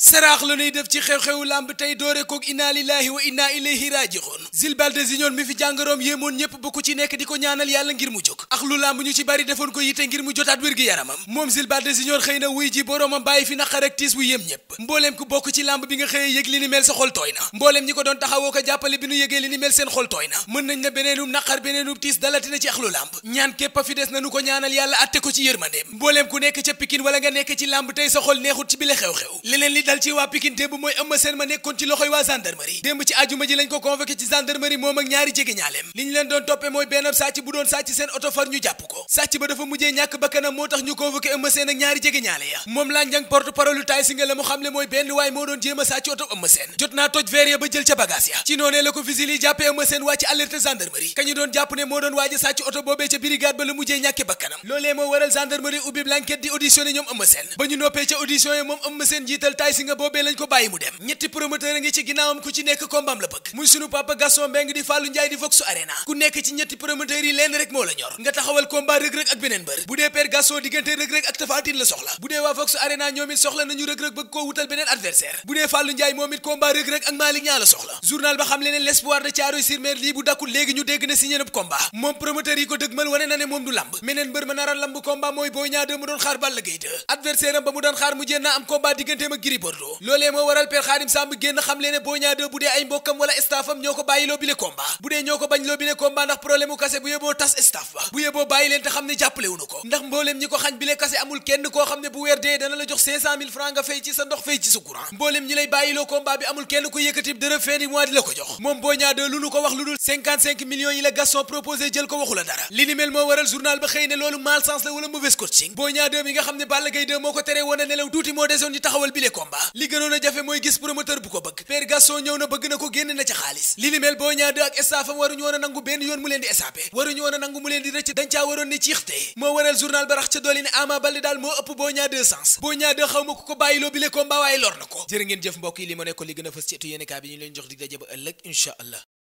saraax la nuy def ci xew-xewu làmb tey doore kook inna lillahi wa inna ilayhi raji'un Jules Baldé Junior mi fi jàngoroom yéemoon ñépp bu ci nekk di ko ñaanal yàlla ngir mu jóg ak lu làmb ñu ci bari defoon ko yitte ngir mu jotaat wér gi yaramam moom Jules Baldé Junior na wuy ji boroomam bàyyi fi naqar ak tiis wu yéem ñépp mbooleem ku bokk ci làmb bi nga xëyee yëg li ni mel sa xol tooy na mbooleem ñi ko doon taxawoo ko jàppale bi nu yëgee li ni mel seen xol tooy na mën nañ na beneenum a fi des dal ci waa Pikine démb mooy Eumeu Sène ma nekkoon ci loxoy waa gendarmerie démb ci ajuma ji lañ ko convoqué ci gendarmerie moom ak ñaari jege ñaaleem li ñu leen doon toppee mooy benn sàcc bu doon sàcc seen oto far ñu jàpp ko sàcc ba dafa mujjee ñàkk bakkanam moo tax ñu convoqué Eumeu Sène ak ñaari jege ñaale ya moom laa njang porte parole taay la mu xam le mooy benn waay moo doon jéem sàcc oto Eumeu Sène jot naa toj verre ya ba jël ca bagage si nga boobee lañ ko bàyyi mu dem ñetti promoteur a ngi ci ginnaawam ku ci nekk kombaam la bëgg muy sunu papa Gaston Mbengue di Fallou Ndiaye di Vox Arena ku nekk ci ñetti promoteurs yi lenn rek moo la ñor nga taxawal combat rëg-rëg ak beneen bër bu dee père Gaston diggante rëg-rëg ak tafaatin la soxla bu dee waa Vox Arena ñoom it soxla nañu rëg-rëg bëgg koo wutal beneen adversaire bu dee Fallou Ndiaye moom it combat rëg-rëg ak Malick Niang la soxla journal ba bordeaux loolee moo waral père xaadim samb génn xam ne Boy bu dee ay mbokkam wala staffam ñoo ko bàyyi loo bile bu dee ñoo ko bañ u kase bu yóboo tas staff ba bu yóboo bàyyi leen te xam ne ko ndax ko xañ bile bu weer dee la jox 500000 francs nga fay ci sa ndox fay ci sa courant mbooleem ñi lay bàyyi waxu loolu mal sens la wala mauvais coaching Boy Niang nga xam ne Balla Gaye 2 moo ko teree woon a nelaw tuuti moo desoon ñu taxawal bile combat combat li gënoon a jafe mooy gis promoteur bu ko bëgg Père Gaston ñëw na bëgg na ko génn na ca xaalis li li ak staffam waruñu woon a nangu benn yoon mu leen di échappé waruñu woon a nangu mu leen di rëcc dañ caa waroon ni ciixte moo waral journal ba ca dooli ne Ama Baldé daal moo ëpp Boy sens Boy Niang ku ko bàyyiloo bi le combat lor na ko jërë ngeen jëf mbokk yi li li gën a fës ci etu yéenekaay bi ñu leen jox dig daje